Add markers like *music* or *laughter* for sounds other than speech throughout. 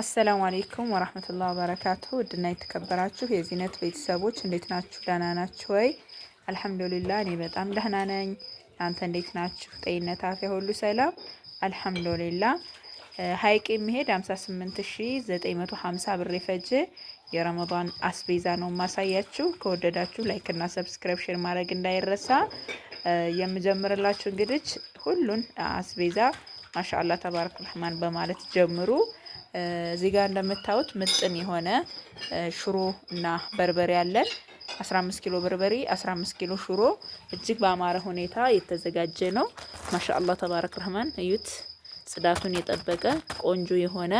አሰላሙ አሌይኩም ወራህመቱላህ ወበረካቱሁ። ውድና የተከበራችሁ የዚህነት ቤተሰቦች እንዴት ናችሁ? ደህና ናችሁ ወይ? አልሐምዱሊላህ እኔ በጣም ደህና ነኝ። እናንተ እንዴት ናችሁ? ጤንነት፣ አፍያ ሁሉ ሰላም? አልሐምዱሊላህ። ሀይቅ የሚሄድ 58950 ብር የፈጀ የረመዳን አስቤዛ ነው ማሳያችሁ። ከወደዳችሁ ላይክና ሰብስክሪፕሽን ማድረግ እንዳይረሳ። የምጀምርላችሁ እንግዲች ሁሉን አስቤዛ ማሻአላህ ተባረክ ረህማን በማለት ጀምሩ። እዚህ ጋር እንደምታዩት ምጥን የሆነ ሽሮ እና በርበሬ አለን። 15 ኪሎ በርበሬ፣ 15 ኪሎ ሽሮ እጅግ በአማረ ሁኔታ የተዘጋጀ ነው። ማሻአላህ ተባረክ ረህማን እዩት። ጽዳቱን የጠበቀ ቆንጆ የሆነ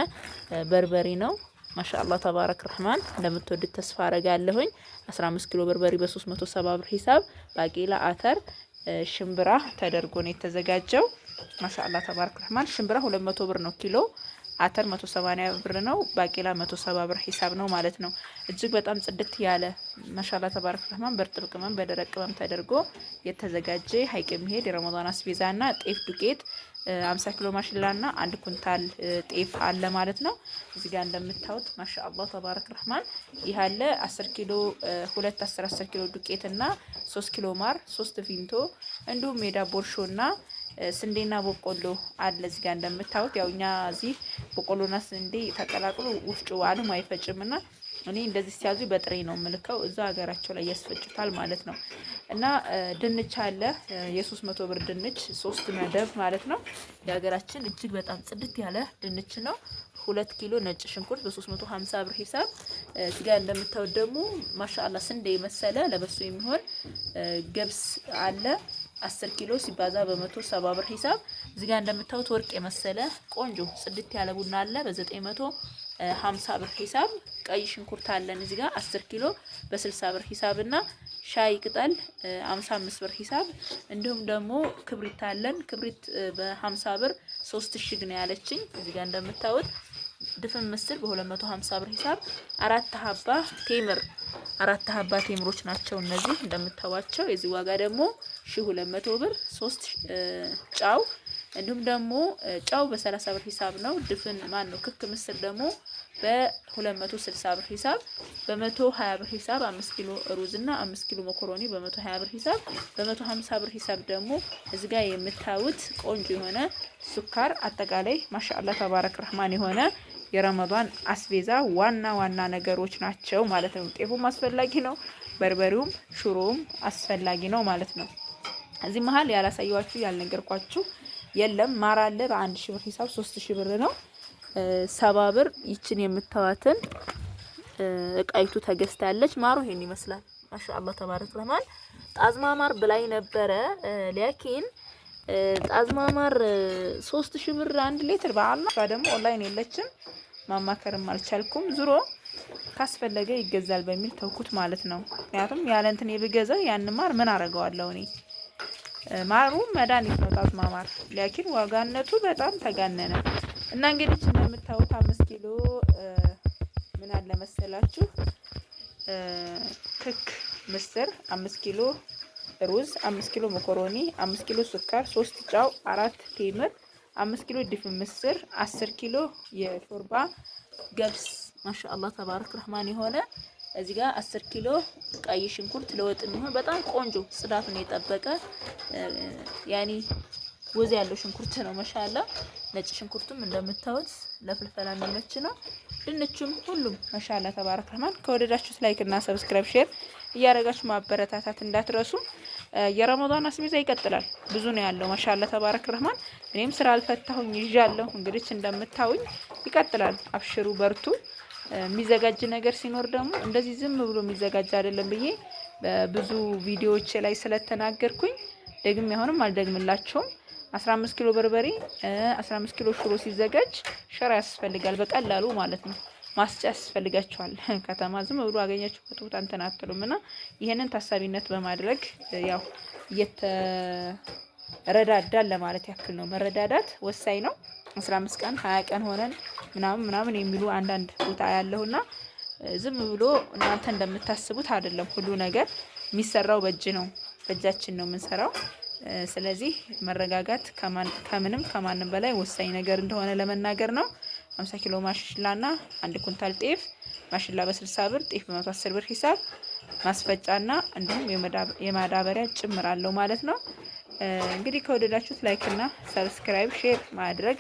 በርበሬ ነው። ማሻአላህ ተባረክ ረህማን እንደምትወዱት ተስፋ አረጋለሁኝ። 15 ኪሎ በርበሬ በ370 ብር ሂሳብ ባቄላ አተር፣ ሽምብራ ተደርጎ ነው የተዘጋጀው። ማሻአላህ ተባረክ ረህማን ሽምብራ 200 ብር ነው ኪሎ አተር 180 ብር ነው። ባቄላ 170 ብር ሂሳብ ነው ማለት ነው። እጅግ በጣም ጽድት ያለ መሻላ ተባረክ ረህማን በእርጥብ ቅመም በደረቅ ቅመም ተደርጎ የተዘጋጀ ሀይቅ የሚሄድ የረመዳን አስቤዛና ጤፍ ዱቄት 50 ኪሎ ማሽላ ማሽላና አንድ ኩንታል ጤፍ አለ ማለት ነው። እዚህ ጋር እንደምታዩት ማሻአላ ተባረክ ረህማን ይህ አለ 10 ኪሎ 2 10 10 ኪሎ ዱቄት ዱቄትና 3 ኪሎ ማር 3 ቪንቶ እንዲሁም ሜዳ ቦርሾና ስንዴና በቆሎ አለ እዚህ ጋር እንደምታዩት ያው እኛ እዚህ በቆሎና ስንዴ ተቀላቅሎ ውፍጭ አልም አይፈጭምና እኔ እንደዚህ ሲያዙ በጥሬ ነው ምልከው እዛ ሀገራቸው ላይ ያስፈጩታል ማለት ነው። እና ድንች አለ የሶስት መቶ ብር ድንች ሶስት መደብ ማለት ነው። የሀገራችን እጅግ በጣም ጽድት ያለ ድንች ነው። ሁለት ኪሎ ነጭ ሽንኩርት በሶስት መቶ ሀምሳ ብር ሂሳብ እዚጋ እንደምታወደሙ ማሻአላ ስንዴ የመሰለ ለበሶ የሚሆን ገብስ አለ አስር ኪሎ ሲባዛ በመቶ ሰባ ብር ሂሳብ እዚህ ጋር እንደምታዩት ወርቅ የመሰለ ቆንጆ ጽድት ያለ ቡና አለ በዘጠኝ መቶ ሀምሳ ብር ሂሳብ። ቀይ ሽንኩርት አለን እዚህ ጋር አስር ኪሎ በስልሳ ብር ሂሳብ እና ሻይ ቅጠል አምሳ አምስት ብር ሂሳብ። እንዲሁም ደግሞ ክብሪት አለን ክብሪት በሀምሳ ብር ሶስት ሽግ ነው ያለችኝ እዚህ ጋር እንደምታዩት ድፍን ምስር በ250 ብር ሂሳብ አራት ሀባ ቴምር አራት ሀባ ቴምሮች ናቸው እነዚህ እንደምታዋቸው። የዚህ ዋጋ ደግሞ 1200 ብር 3 ጫው እንዲሁም ደግሞ ጫው በ30 ብር ሂሳብ ነው። ድፍን ማን ነው ክክ ምስር ደግሞ በ260 ብር ሂሳብ፣ በ120 ብር ሂሳብ 5 ኪሎ ሩዝ እና 5 ኪሎ መኮሮኒ በ120 ብር ሂሳብ፣ በ150 ብር ሂሳብ ደግሞ እዚህ ጋር የምታዩት ቆንጆ የሆነ ሱካር አጠቃላይ ማሻአላ ተባረክ ረህማን የሆነ የረመዷን አስቤዛ ዋና ዋና ነገሮች ናቸው ማለት ነው። ጤፉም አስፈላጊ ነው፣ በርበሬውም ሽሮውም አስፈላጊ ነው ማለት ነው። እዚህ መሀል ያላሳየዋችሁ ያልነገርኳችሁ የለም። ማር አለ በአንድ ሺህ ብር ሂሳብ ሶስት ሺህ ብር ነው። ሰባ ብር ይችን የምታዋትን እቃይቱ ተገዝታለች። ማሩ ይሄን ይመስላል። ማሻአላ ተባረክ ለማል ጣዝማ ማር ብላይ ነበረ ሊያኪን ጣዝማ ማር ሶስት ብር አንድ ሊትር በአላ ደግሞ ኦንላይን የለችም ማማከርም አልቻልኩም። ዙሮ ካስፈለገ ይገዛል በሚል ተውኩት ማለት ነው። ምክንያቱም ያለ እንትን የብገዛው ያን ማር ምን አረገዋለሁ እኔ ማሩ መድኃኒት ነው ጣዝማ ማር፣ ላኪን ዋጋነቱ በጣም ተጋነነ እና እንግዲህ እንደምታዩት አምስት ኪሎ ምን አለ መሰላችሁ ክክ ምስር አምስት ኪሎ ሩዝ አምስት ኪሎ መኮሮኒ አምስት ኪሎ ስኳር ሶስት ጫው አራት ቴምር አምስት ኪሎ ድፍን ምስር አስር ኪሎ የሾርባ ገብስ ማሻአላህ ተባረክ ረህማን የሆነ እዚህ ጋር 10 ኪሎ ቀይ ሽንኩርት ለወጥ የሚሆን በጣም ቆንጆ ጽዳቱን የጠበቀ ያኒ ወዝ ያለው ሽንኩርት ነው። ማሻአላ ነጭ ሽንኩርቱም እንደምታዩት ለፍልፈላ የሚመች ነው። ድንቹም ሁሉም ማሻአላ ተባረከ ረህማን። ከወደዳችሁት ላይክ እና ሰብስክራይብ፣ ሼር እያደረጋችሁ ማበረታታት እንዳትረሱ። የረመዳን አስቤዛ ይቀጥላል። ብዙ ነው ያለው። ማሻአላ ተባረክ ረህማን። እኔም ስራ አልፈታሁኝ ይዣለሁ። እንግዲህ እንደምታውኝ ይቀጥላል። አብሽሩ በርቱ። የሚዘጋጅ ነገር ሲኖር ደግሞ እንደዚህ ዝም ብሎ የሚዘጋጅ አይደለም ብዬ ብዙ ቪዲዮዎች ላይ ስለተናገርኩኝ ደግሜ አሁንም አልደግምላቸውም። 15 ኪሎ በርበሬ፣ 15 ኪሎ ሽሮ ሲዘጋጅ ሸራ ያስፈልጋል፣ በቀላሉ ማለት ነው። ማስጫ ያስፈልጋቸዋል። *laughs* ከተማ ዝም ብሎ አገኛችሁበት ቦታ እንትን አትሉም እና ይህንን ታሳቢነት በማድረግ ያው እየተረዳዳን ለማለት ያክል ነው። መረዳዳት ወሳኝ ነው። 15 ቀን 20 ቀን ሆነን ምናምን ምናምን የሚሉ አንዳንድ ቦታ ያለሁና ዝም ብሎ እናንተ እንደምታስቡት አይደለም። ሁሉ ነገር የሚሰራው በእጅ ነው፣ በእጃችን ነው የምንሰራው። ስለዚህ መረጋጋት ከምንም ከማንም በላይ ወሳኝ ነገር እንደሆነ ለመናገር ነው። 50 ኪሎ ማሽላና አንድ ኩንታል ጤፍ ማሽላ በ60 ብር ጤፍ በ110 ብር ሂሳብ ማስፈጫና እንዲሁም የማዳበሪያ ጭምር አለው ማለት ነው። እንግዲህ ከወደዳችሁት ላይክና ሰብስክራይብ ሼር ማድረግ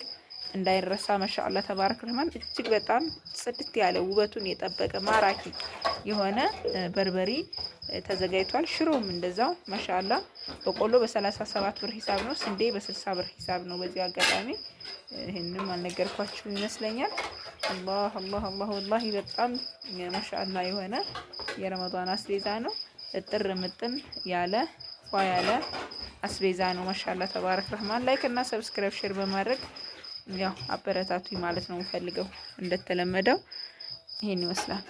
እንዳይረሳ ማሻአላ ተባረክ ረህማን እጅግ በጣም ጽድት ያለ ውበቱን የጠበቀ ማራኪ የሆነ በርበሪ ተዘጋጅቷል። ሽሮም እንደዛው ማሻአላ በቆሎ በ37 ብር ሂሳብ ነው። ስንዴ በ60 ብር ሂሳብ ነው። በዚህ አጋጣሚ ይህንም አልነገርኳችሁ ይመስለኛል። አላህ አላህ አላህ ወላሂ በጣም ማሻአላ የሆነ የረመዷን አስቤዛ ነው። እጥር ምጥን ያለ ፏ ያለ አስቤዛ ነው። ማሻአላ ተባረክ ረህማን ላይክ እና ሰብስክራይብ ሼር በማድረግ ያው አበረታቱ ማለት ነው የምፈልገው። እንደተለመደው ይሄን ይመስላል።